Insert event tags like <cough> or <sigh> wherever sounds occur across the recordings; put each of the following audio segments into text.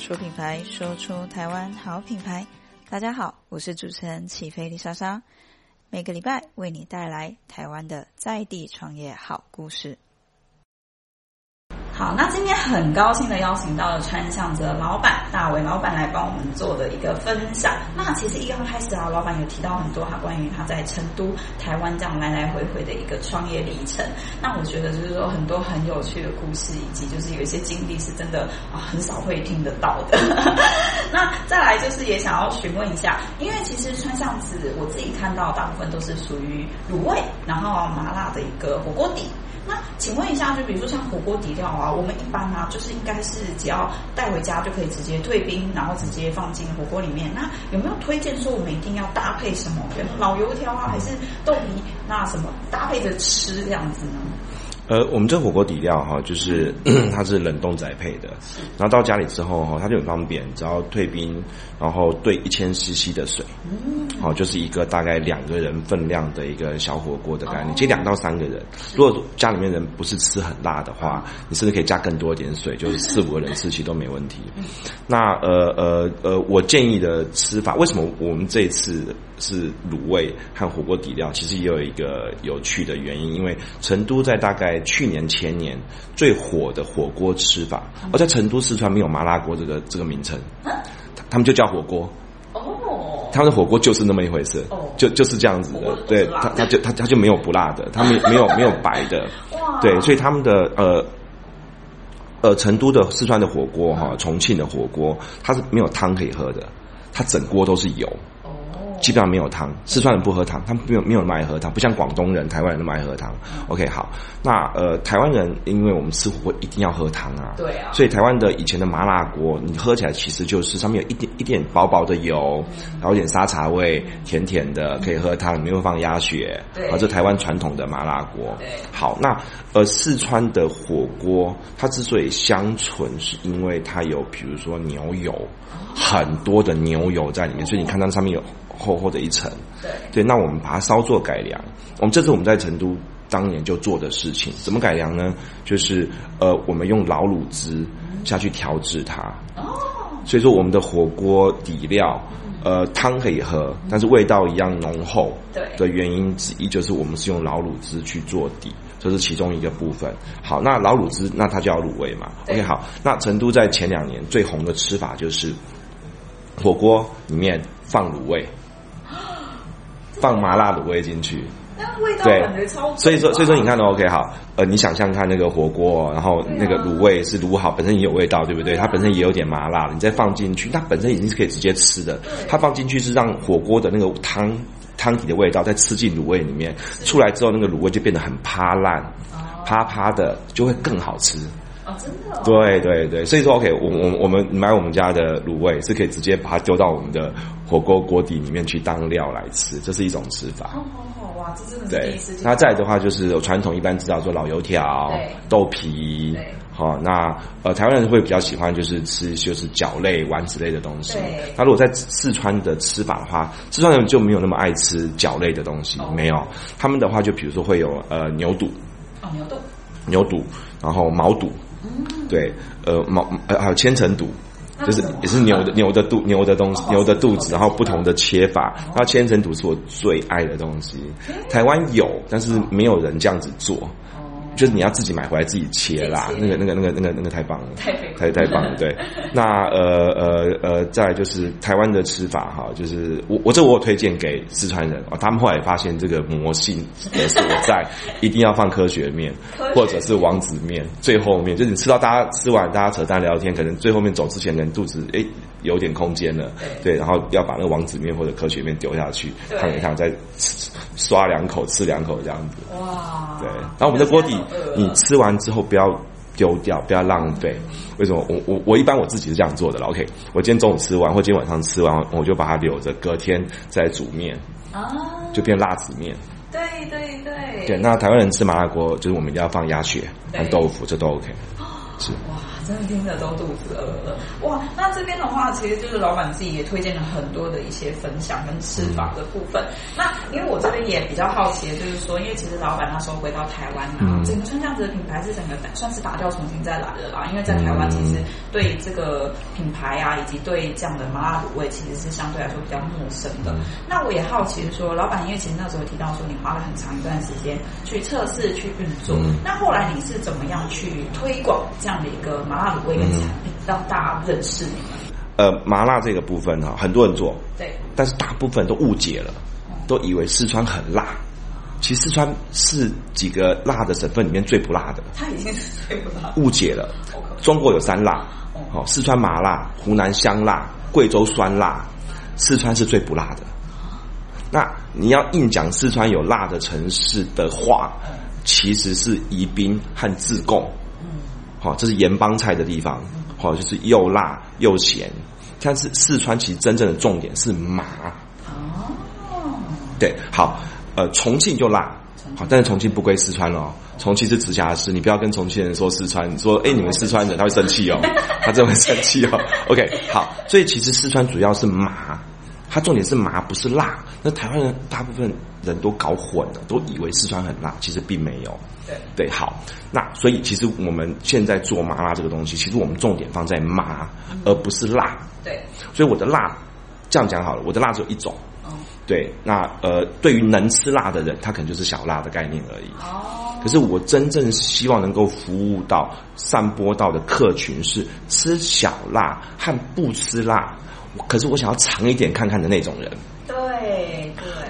說品牌，說出台灣好品牌。大家好，我是主持人齊飛麗莎莎，每個禮拜為你帶來台灣的在地創業好故事。好，那今天很高興的邀請到了川巷子的老闆大偉老闆來幫我們做的一個分享。那其實一剛開始啊，老闆有提到很多他、啊、關於他在成都、台灣這樣來來回回的一個創業歷程。那我覺得就是說很多很有趣的故事，以及就是有一些經歷是真的啊，很少會聽得到的。 <laughs> 那再來就是也想要詢問一下，因為其實川巷子我自己看到大部分都是屬於滷味，然後、啊、麻辣的一個火鍋底。那請問一下，就比如說像火鍋底料啊。我們一般呢、啊，就是應該是只要帶回家就可以直接退冰，然後直接放進火鍋裡面。那有沒有推薦說我們一定要搭配什麼？比如老油條啊，還是豆皮？那什麼搭配着吃這樣子呢？呃，我們這火鍋底料哈、啊，就是咳咳它是冷凍宅配的，然後到家裡之後哈，它就很方便，只要退冰，然後兌一千 CC 的水。嗯哦，就是一個大概兩個人分量的一個小火鍋的概念，其實兩到三個人。如果家裡面人不是吃很辣的話，你甚至可以加更多一點水，就是四五個人吃其實都沒問題。那呃呃呃，我建議的吃法，為什麼我們這一次是滷味和火鍋底料？其實也有一個有趣的原因，因為成都在大概去年前年最火的火鍋吃法，而在成都四川沒有麻辣鍋這個這個名稱，他們就叫火鍋。他們的火鍋就是那麼一回事，oh. 就就是這樣子的，oh. 對他，他就他他就沒有不辣的，他沒沒有 <laughs> 沒有白的，對，所以他們的呃呃成都的四川的火鍋哈、哦，重慶的火鍋，它是沒有湯可以喝的，它整鍋都是油。基本上沒有湯，四川人不喝湯，他們沒有沒有那麼愛喝湯，不像廣東人、台灣人都那麼愛喝湯。OK，好，那呃，台灣人因為我們吃火鍋一定要喝湯啊，對啊，所以台灣的以前的麻辣鍋，你喝起來其實就是上面有一點一點薄薄的油，然後一點沙茶味，甜甜的，可以喝湯，嗯、沒有放鴨血，啊，然後這台灣傳統的麻辣鍋。好，那呃，四川的火鍋它之所以香醇，是因為它有比如說牛油，很多的牛油在裡面，所以你看它上面有。厚厚的一層，對，對，那我們把它稍作改良。我們這是我們在成都當年就做的事情，怎麼改良呢？就是呃，我們用老滷汁下去調製它。哦，所以說我們的火鍋底料，呃，湯可以喝，但是味道一樣濃厚，對，的原因之一就是我們是用老滷汁去做底，這是其中一個部分。好，那老滷汁，那它叫滷味嘛。OK，好，那成都在前兩年最紅的吃法就是火鍋裡面放滷味。放麻辣滷味進去，那味道感覺超。所以說，所以說，你看都、哦、OK 好，呃，你想象看那個火鍋，然後那個滷味是滷好，本身也有味道，對不對？它本身也有點麻辣，你再放進去，它本身已經是可以直接吃的。它放進去是讓火鍋的那個湯湯底的味道再吃進滷味裡面，出來之後那個滷味就變得很趴爛，啊、趴趴的就會更好吃。哦真的哦、對對對，所以說 OK，我我我們買我們家的滷味是可以直接把它丟到我們的火鍋鍋底裡面去當料來吃，這是一種吃法。好、哦哦、哇，這真的是對,對。那再的話，就是有傳統一般知道說老油條、豆皮，好、哦、那呃，台灣人會比較喜歡就是吃就是餃類、丸子類的東西。那如果在四川的吃法的話，四川人就沒有那麼愛吃餃類的東西，哦、沒有。他們的話就比如說會有呃牛肚、哦，牛肚，牛肚，然後毛肚。 <noise> 對，呃，毛，呃，還有千層肚，就是也是牛的牛的肚牛的東西牛的肚子，然後不同的切法，那千層肚是我最愛的東西。台灣有，但是沒有人這樣子做。就是你要自己買回來自己切啦，謝謝那個那個那個那個那個太棒了，太了太，太棒了，對。那呃呃呃，再、呃呃、就是台灣的吃法哈，就是我我這我有推薦給四川人啊，哦、他們後來發現這個魔性的是我在 <laughs> 一定要放科學麵或者是王子麵最後面，就是你吃到大家吃完大家扯淡聊天，可能最後面走之前，人肚子哎。誒有點空間了對，對，然後要把那個王子麵或者科學麵丟下去燙一燙，再吃刷兩口，吃兩口這樣子。哇！對，然後我們的鍋底，你吃完之後不要丟掉，不要浪費。嗯、為什麼？我我我一般我自己是這樣做的了，OK，我今天中午吃完，或今天晚上吃完，我就把它留着，隔天再煮麵，啊，就變辣子麵。對對對，對。那台灣人吃麻辣鍋，就是我們一定要放鴨血、放豆腐，這都 OK。哦，是哇。真的聽着都肚子餓餓哇！那這邊的話，其實就是老板自己也推薦了很多的一些分享跟吃法的部分。嗯、那因為我這邊也比較好奇，就是說，因為其實老板那時候回到台灣，啊，啊、嗯、整個川巷子這樣子的品牌是整個算是打掉重新再來了啦。因為在台灣其實對這個品牌啊，以及對這樣的麻辣滷味，其實是相對來說比較陌生的。嗯、那我也好奇的說，老板因為其實那時候提到說，你花了很長一段時間去測試去運作，嗯，那後來你是怎麼樣去推廣這樣的一個麻？辣的味道，大家認識。呃，麻辣這個部分哈很多人做，對，但是大部分都誤解了，都以為四川很辣。其實四川是幾個辣的省份裡面最不辣的。它已經是最不辣。誤解了，中國有三辣，哦，四川麻辣，湖南香辣，貴州酸辣，四川是最不辣的。那你要硬講四川有辣的城市的話，其實是宜賓和自貢。好，這是鹽幫菜的地方，好，就是又辣又鹹。但是四川其實真正的重點是麻。哦，對，好，呃，重慶就辣，好，但是重慶不歸四川哦，重慶是直轄市，你不要跟重慶人說四川，你說哎，你們四川人，他會生氣哦，他真的會生氣哦。OK，好，所以其實四川主要是麻，它重點是麻，不是辣。那台灣人大部分。人都搞混了，都以為四川很辣，其實並沒有。對對，好，那所以其實我們現在做麻辣這個東西，其實我們重點放在麻，嗯、而不是辣。對，所以我的辣這樣講好了，我的辣只有一種。嗯、哦，對，那呃，對於能吃辣的人，他可能就是小辣的概念而已。哦，可是我真正希望能夠服務到、散播到的客群是吃小辣和不吃辣，可是我想要嘗一點看看的那種人。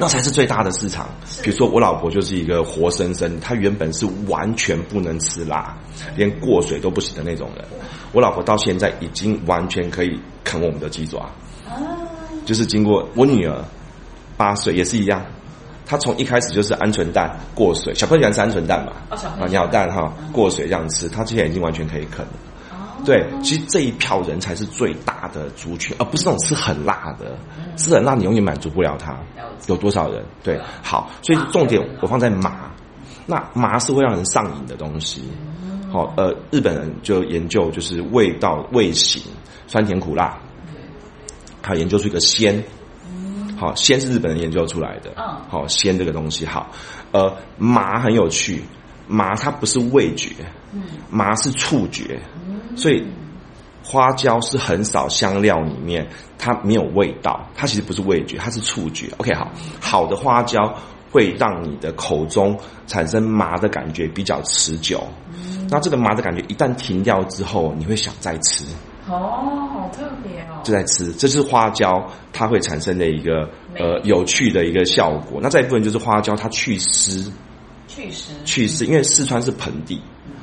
那才是最大的市場。比如說，我老婆就是一個活生生，她原本是完全不能吃辣，連過水都不行的那種人。我老婆到現在已經完全可以啃我們的雞爪，啊、就是經過我女兒八歲也是一樣，她從一開始就是鵪鶉蛋過水，小朋友喜歡吃鵪鶉蛋嘛，啊、哦，鳥蛋哈、哦、過水這樣吃，她現在已經完全可以啃。對，其實這一票人才是最大的族群，而不是那種吃很辣的，吃、嗯、很辣你永遠滿足不了他了。有多少人？對，對、啊，好，所以重點我放在麻。那麻是會讓人上癮的東西。好、嗯哦，呃，日本人就研究就是味道味型，酸甜苦辣。他研究出一個鮮。好、哦，鮮是日本人研究出來的。啊、嗯、好，鮮、哦、這個東西好，呃，麻很有趣，麻它不是味覺，嗯，麻是觸覺。所以，花椒是很少香料裡面，它沒有味道，它其實不是味覺，它是觸覺。OK，好，好的花椒會讓你的口中產生麻的感覺比較持久。嗯，那這個麻的感覺一旦停掉之後，你會想再吃。哦，好特別哦！就在吃，這是花椒它會產生的一個呃有趣的一個效果。那這一部分就是花椒它去濕，去濕，去濕，因為四川是盆地。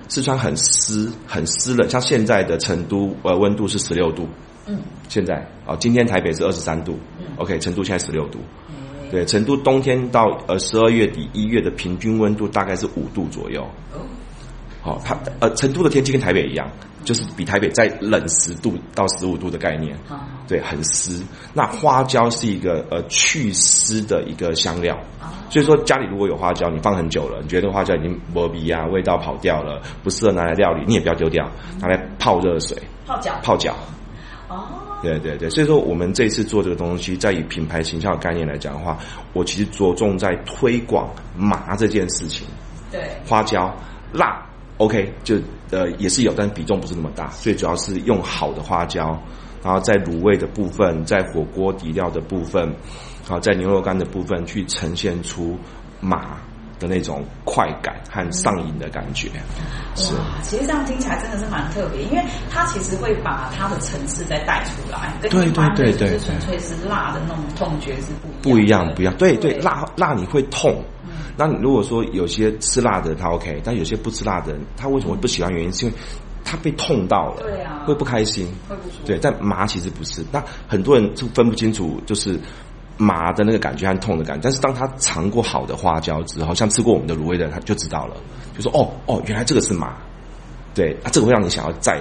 四川很濕，很濕冷，像現在的成都，呃，溫度是十六度。嗯。現在，哦，今天台北是二十三度。嗯。OK，成都現在十六度。嗯。對，成都冬天到呃十二月底一月的平均溫度大概是五度左右。嗯。哦。好，它呃，成都的天氣跟台北一樣。就是比台北再冷十度到十五度的概念，哦、對，很濕。那花椒是一個呃去濕的一個香料、哦，所以說，家裡如果有花椒，你放很久了，你覺得花椒已經磨鼻啊，味道跑掉了，不適合拿來料理，你也不要丟掉，拿來泡熱水，泡、嗯、腳，泡腳。哦，對對對，所以說我們這次做這個東西，在以品牌形象的概念來講的話，我其實着重在推廣麻這件事情，對，花椒辣。OK，就呃也是有，但比重不是那麼大。最主要是用好的花椒，然後在滷味的部分，在火鍋底料的部分，然後在牛肉乾的部分，去呈現出麻的那種快感和上癮的感覺。嗯、是哇，其實這樣聽起來真的是蠻特別，因為它其實會把它的層次再帶出來，對對對，就是純粹是辣的那種痛覺是不一樣的，不一樣，不一樣。對對，對，對，辣辣你會痛。嗯那如果說有些吃辣的人他 OK，但有些不吃辣的人，他為什麼會不喜歡？原因、嗯、是因為他被痛到了，啊、會不開心，會不舒服。對，但麻其實不是。那很多人就分不清楚，就是麻的那個感覺和痛的感覺。但是當他嘗過好的花椒之後，像吃過我們的滷味的，他就知道了，就說哦哦，原來這個是麻。對，啊，這個會讓你想要再。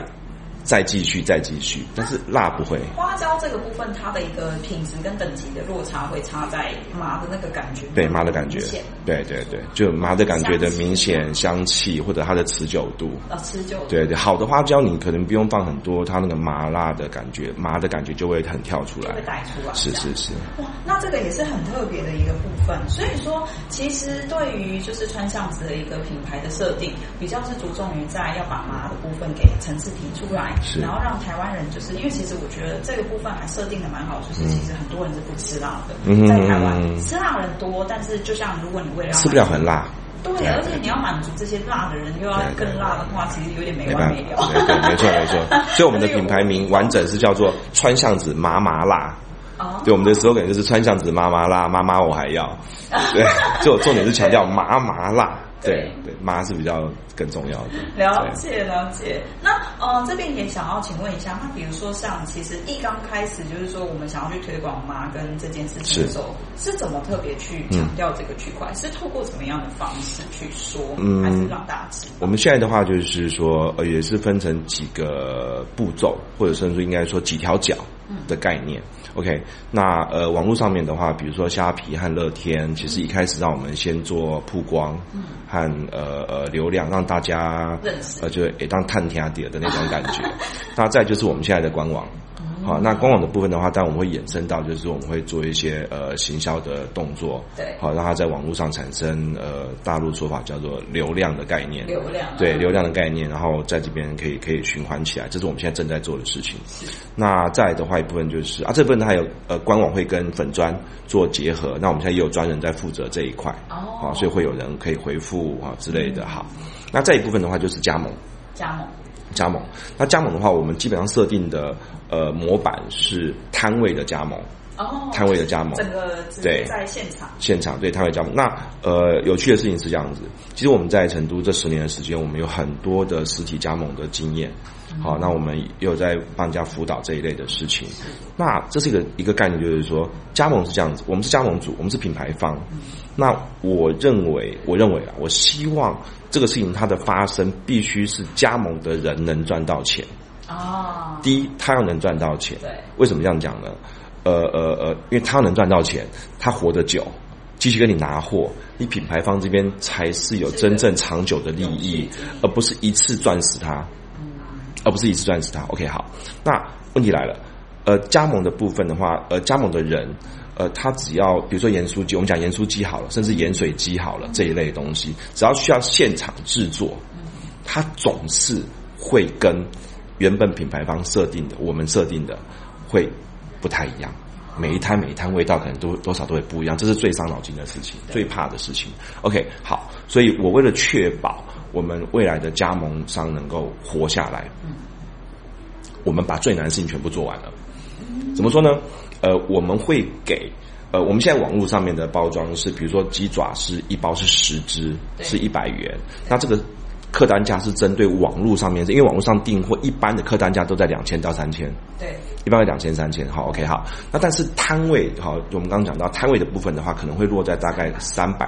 再繼續，再繼續，但是辣不會、啊。花椒這個部分，它的一個品質跟等級的落差會差在麻的那個感覺，對麻的感覺明顯，對對對，就麻的感覺的明顯香氣，香氣或者它的持久度。啊、哦，持久度。對對，好的花椒你可能不用放很多，它那個麻辣的感覺，麻的感覺就會很跳出來，會帶出來。是是是。哇，那這個也是很特別的一個部分。所以說，其實對於就是川巷子的一個品牌的設定，比較是着重於在要把麻的部分給層次提出來。是然後讓台灣人就是，因為其實我覺得這個部分還設定的蠻好，就是其實很多人是不吃辣的，嗯、在台灣、嗯、吃辣人多，但是就像如果你味道吃不了很辣，對對，對，而且你要滿足這些辣的人又要更辣的話，其實有點沒完沒了。對，沒錯， <laughs> 沒，錯沒錯。所以我們的品牌名完整是叫做川巷子麻麻辣。啊、對，我們的 slogan 就是川巷子麻麻辣麻麻我還要。對，就重點是強調麻麻辣，對對，對麻是比較。更重要的了解，了解。那呃這邊也想要請問一下，那比如說像其實一剛開始就是說我們想要去推廣麻根這件事情的時候是，是怎麼特別去強調這個區塊？嗯、是透過怎麼樣的方式去說？嗯，還是讓大家？我們現在的話就是說呃也是分成幾個步驟，或者甚至應該說幾條腳的概念。嗯、OK，那呃網絡上面的話，比如說蝦皮和樂天，其實一開始讓我們先做曝光、嗯、和呃呃流量讓。大家呃，就也當探天啊地的那種感覺。 <laughs> 那再就是我們現在的官網， <laughs> 好，那官網的部分的話，當然我們會衍生到，就是我們會做一些呃行銷的動作，對，好，讓它在網絡上產生呃，大陸說法叫做流量的概念，流量，啊，對，流量的概念，然後在這邊可以可以循環起來，這是我們現在正在做的事情。那再的話，一部分就是啊，這部分還有呃，官網會跟粉專做結合，那我們現在也有專人在負責這一塊，哦，好，所以會有人可以回復啊、哦、之類的哈。好那再一部分的話就是加盟，加盟，加盟。那加盟的話，我們基本上設定的呃模板是攤位的加盟，哦，攤位的加盟，整個對在現場，現場對攤位加,加盟。那呃，有趣的事情是這樣子，其實我們在成都這十年的時間，我們有很多的實體加盟的經驗。嗯、好，那我們又在幫人家輔導這一類的事情。那這是一個一個概念，就是說加盟是這樣子，我們是加盟主，我們是品牌方、嗯。那我認為，我認為啊，我希望。這個事情它的發生必須是加盟的人能賺到錢。哦。第一，他要能賺到錢。對。為什麼這樣講呢？呃呃呃，因為他能賺到錢，他活得久，繼續跟你拿貨，你品牌方這邊才是有真正長久的利益，而不是一次賺死他。嗯。而不是一次賺死他。OK，好。那問題來了，呃，加盟的部分的話，呃，加盟的人。呃，它只要比如說鹽酥雞，我們講鹽酥雞好了，甚至鹽水雞好了這一類東西，只要需要現場製作，它總是會跟原本品牌方設定的，我們設定的會不太一樣。每一攤每一攤味道可能都多少都會不一樣，這是最傷腦筋的事情，最怕的事情。OK，好，所以我為了確保我們未來的加盟商能夠活下來，我們把最難的事情全部做完了。怎麼說呢？呃，我們會給，呃，我們現在網絡上面的包裝是，比如說雞爪是一包是十隻，是一百元。那這個客單價是針對網絡上面，因為網絡上訂貨一般的客單價都在兩千到三千。對。一般在兩千三千，okay, 好，OK 哈。那但是攤位，好，就我們剛剛講到攤位的部分的話，可能會落在大概三百。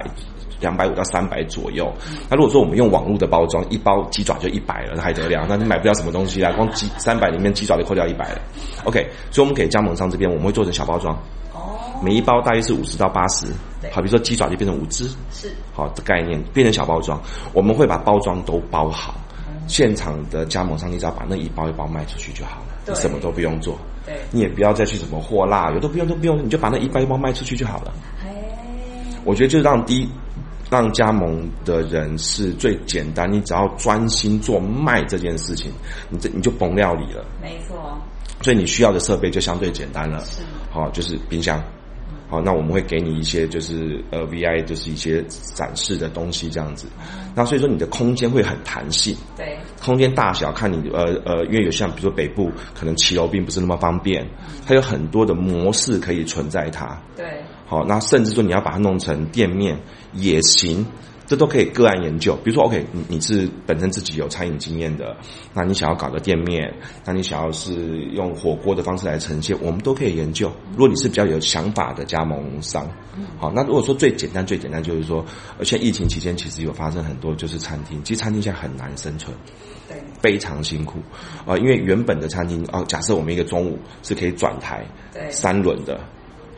兩百五到三百左右、嗯。那如果說我們用網絡的包裝，一包雞爪就一百了，那還得了、嗯？那你買不了什麼東西啊？光雞三百裡面雞爪就扣掉一百了。OK，所以我們給加盟商這邊，我們會做成小包裝。哦。每一包大約是五十到八十。對。好，比如說雞爪就變成五隻。是。好，的概念變成小包裝，我們會把包裝都包好、嗯。現場的加盟商，你只要把那一包一包賣出去就好了。對。什麼都不用做。對。你也不要再去什麼貨辣，有都不用都不用，你就把那一包一包賣出去就好了。哎。我覺得就讓第一。讓加盟的人是最簡單，你只要專心做賣這件事情，你這你就甭料理了。沒錯，所以你需要的設備就相對簡單了。是好、哦，就是冰箱。好、嗯哦，那我們會給你一些就是呃 VI 就是一些展示的東西這樣子、嗯。那所以說你的空間會很彈性。對。空間大小看你呃呃，因為有像比如說北部可能騎樓並不是那麼方便、嗯，它有很多的模式可以存在它。它對。好，那甚至說你要把它弄成店面也行，這都可以個案研究。比如說，OK，你你是本身自己有餐飲經驗的，那你想要搞個店面，那你想要是用火鍋的方式來呈現，我們都可以研究。如果你是比較有想法的加盟商，好，那如果說最簡單最簡單就是說，而且疫情期間其實有發生很多就是餐廳，其實餐廳現在很難生存，對，非常辛苦啊、呃，因為原本的餐廳啊、呃，假設我們一個中午是可以轉檯對三輪的。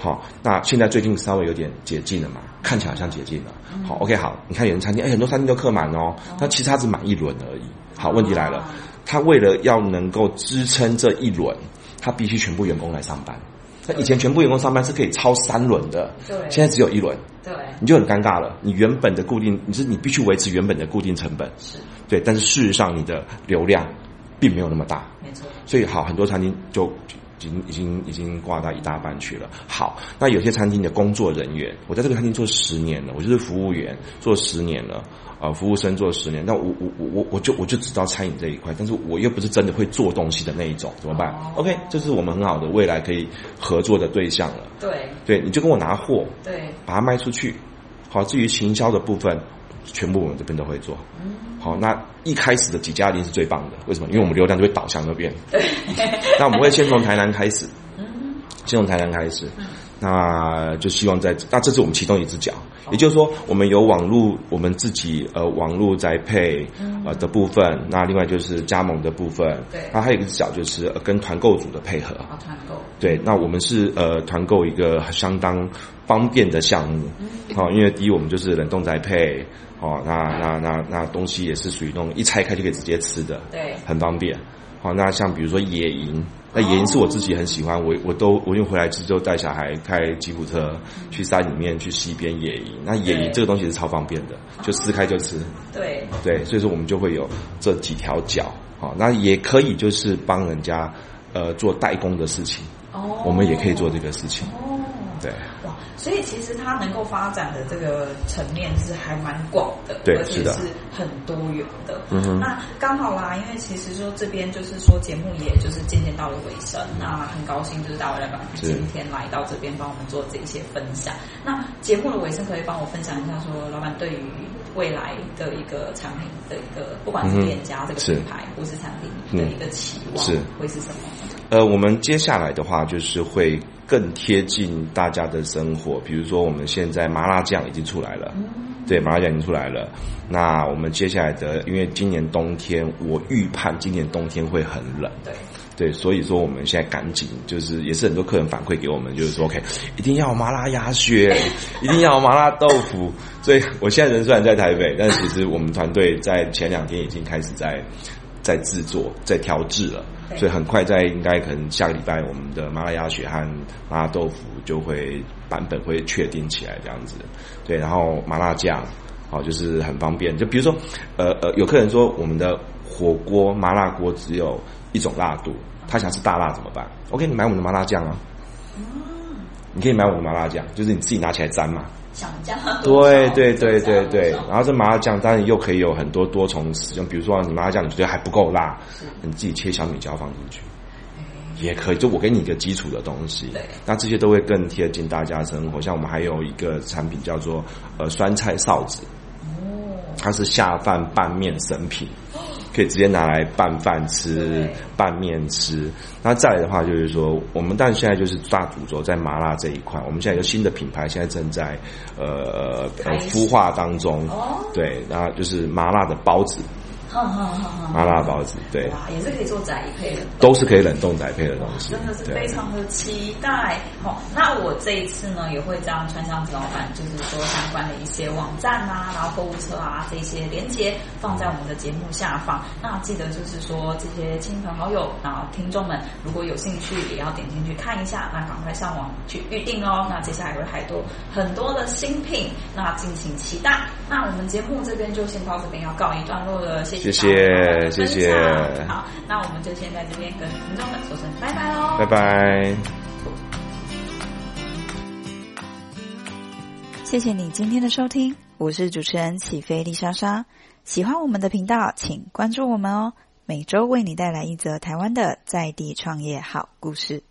好，那現在最近稍微有點解禁了嘛，看起來好像解禁了。嗯、好，OK，好，你看有人餐廳，哎，很多餐廳都客滿哦。那、哦、其實他只滿一輪而已。好，問題來了、哦，他為了要能夠支撐這一輪，他必須全部員工來上班。那以前全部員工上班是可以超三輪的，對，現在只有一輪對，對，你就很尷尬了。你原本的固定，你是你必須維持原本的固定成本，是，對。但是事實上，你的流量並沒有那麼大，沒錯。所以，好，很多餐廳就。已經已經已經掛到一大半去了。好，那有些餐廳的工作人員，我在這個餐廳做十年了，我就是服務員，做十年了，啊，呃，服務生做十年，那我我我我我就我就知道餐飲這一塊，但是我又不是真的會做東西的那一種，怎麼辦？哦。OK，這是我們很好的未來可以合作的對象了。對，對，你就跟我拿貨，對，把它賣出去。好，至於行銷的部分。全部我們這邊都會做好。那一開始的幾家店是最棒的，為什麼？因為我們流量就會倒向那邊。 <laughs> 那我們會先從台南開始，先從台南開始，那就希望在那這是我們其中一只腳。也就是說，我們有網絡，我們自己呃網絡宅配呃的部分。那另外就是加盟的部分。對。那還有一個只腳就是跟團購組的配合。團購。對。那我們是呃團購一個相當方便的項目。好，因為第一我們就是冷凍宅配。哦，那那那那東西也是屬於那種一拆開就可以直接吃的，對，很方便。好、哦，那像比如說野營，那野營是我自己很喜歡，哦、我我都我用回來之後帶小孩開吉普車去山裡面去溪邊野營、嗯，那野營這個東西是超方便的，就撕開就吃。對對，所以說我們就會有這幾條腳。好、哦，那也可以就是幫人家呃做代工的事情。哦，我們也可以做這個事情。哦，對。所以其實它能夠發展的這個層面是還蠻廣的，對，而且是很多元的。嗯，那剛好啦，因為其實說這邊就是說節目也就是漸漸到了尾聲，嗯、那很高興就是大老闆今天來到這邊幫我們做這一些分享。那節目的尾聲可以幫我分享一下，說老闆對於未來的一個產品的一個，不管是店家、嗯、這個品牌或是，是產品的一個期望是、嗯、會是什麼？呃，我們接下來的話就是會。更貼近大家的生活，比如說我們現在麻辣醬已經出來了嗯嗯，對，麻辣醬已經出來了。那我們接下來的，因為今年冬天我預判今年冬天會很冷對，對，所以說我們現在趕緊，就是也是很多客人反饋給我們，就是說，OK，一定要麻辣鴨血，一定要麻辣豆腐。所以我現在人雖然在台北，但其實我們團隊在前兩天已經開始在。在製作，在調製了，所以很快在應該可能下個禮拜，我們的麻辣鴨血和麻辣豆腐就會版本會確定起來，這樣子。對，然後麻辣醬，哦，就是很方便。就比如說，呃呃，有客人說我們的火鍋麻辣鍋只有一種辣度，他想吃大辣怎麼辦？OK，你買我們的麻辣醬啊。嗯，你可以買我們的麻辣醬，就是你自己拿起來沾嘛。想家。對對對對對，對，然後這麻辣醬當然又可以有很多多重使用，比如說你麻辣醬你覺得還不夠辣，你自己切小米椒放進去也可以。就我給你一個基礎的東西，那這些都會更貼近大家生活。像我們還有一個產品叫做呃酸菜臊子，哦，它是下飯拌麵神品。可以直接拿來拌飯吃，拌麵吃。那再來的話，就是說，我們但是現在就是大主軸在麻辣這一塊。我們現在有個新的品牌，現在正在呃、嗯、孵化當中，哦、對，然後就是麻辣的包子。哼、嗯、哼，好、嗯、好，麻辣包子對，哇、啊、嗯嗯嗯嗯，也是可以做宅配的，都是可以冷凍宅配的東西，真的是非常的期待哈、哦。那我這一次呢，也會將川巷子老板就是說相關的一些網站啊，然後購物車啊這些連接放在我們的節目下方。那記得就是說，這些親朋好友啊，然後聽眾們如果有興趣，也要點進去看一下，那趕快上網去預定哦。那接下來有還多很多的新品，那敬請期待。那我們節目這邊就先到這邊要告一段落了，謝謝。謝謝，謝謝。好，那我們就先在，在這邊跟聽眾們說聲拜拜嘍、哦！拜拜。謝謝你今天的收聽，我是主持人起飛麗莎莎。喜歡我們的頻道，請關注我們哦。每周為你帶來一則台灣的在地創業好故事。